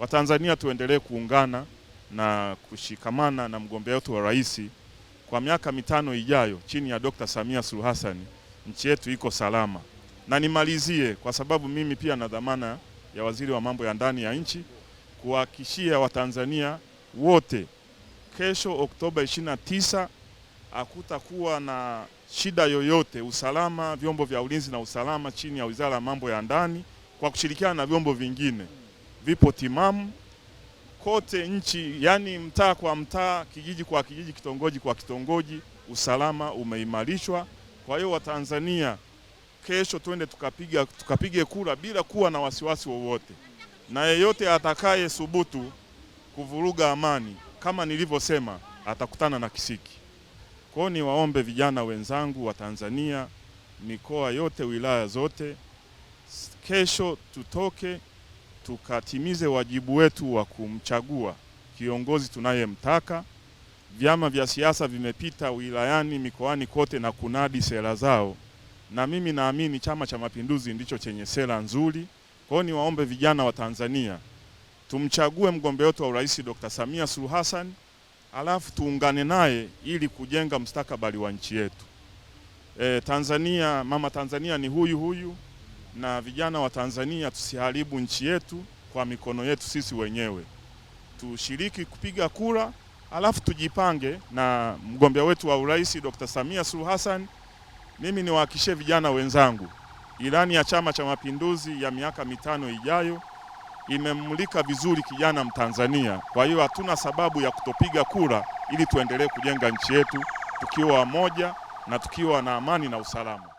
Watanzania tuendelee kuungana na kushikamana na mgombea wetu wa rais kwa miaka mitano ijayo chini ya Dr. Samia Suluhu Hassan, nchi yetu iko salama. Na nimalizie kwa sababu mimi pia na dhamana ya waziri wa mambo ya ndani ya nchi kuhakikishia Watanzania wote kesho Oktoba 29 hakutakuwa na shida yoyote. Usalama, vyombo vya ulinzi na usalama chini ya Wizara ya Mambo ya Ndani kwa kushirikiana na vyombo vingine vipo timamu kote nchi, yani mtaa kwa mtaa, kijiji kwa kijiji, kitongoji kwa kitongoji, usalama umeimarishwa. Kwa hiyo Watanzania, kesho twende tukapiga tukapige kura bila kuwa na wasiwasi wowote, na yeyote atakaye thubutu kuvuruga amani, kama nilivyosema, atakutana na kisiki. Kwa hiyo niwaombe vijana wenzangu wa Tanzania, mikoa yote, wilaya zote, kesho tutoke tukatimize wajibu wetu wa kumchagua kiongozi tunayemtaka. Vyama vya siasa vimepita wilayani, mikoani kote na kunadi sera zao, na mimi naamini Chama cha Mapinduzi ndicho chenye sera nzuri. Kwa hiyo niwaombe vijana wa Tanzania tumchague mgombea wetu wa urais Dr. Samia Suluhu Hassan, alafu tuungane naye ili kujenga mstakabali wa nchi yetu. E, Tanzania mama Tanzania ni huyu huyu na vijana wa Tanzania tusiharibu nchi yetu kwa mikono yetu sisi wenyewe. Tushiriki kupiga kura, alafu tujipange na mgombea wetu wa urais Dr. Samia Suluhu Hassan. Mimi niwahakishie vijana wenzangu, ilani ya Chama cha Mapinduzi ya miaka mitano ijayo imemulika vizuri kijana Mtanzania. Kwa hiyo hatuna sababu ya kutopiga kura ili tuendelee kujenga nchi yetu tukiwa moja na tukiwa na amani na usalama.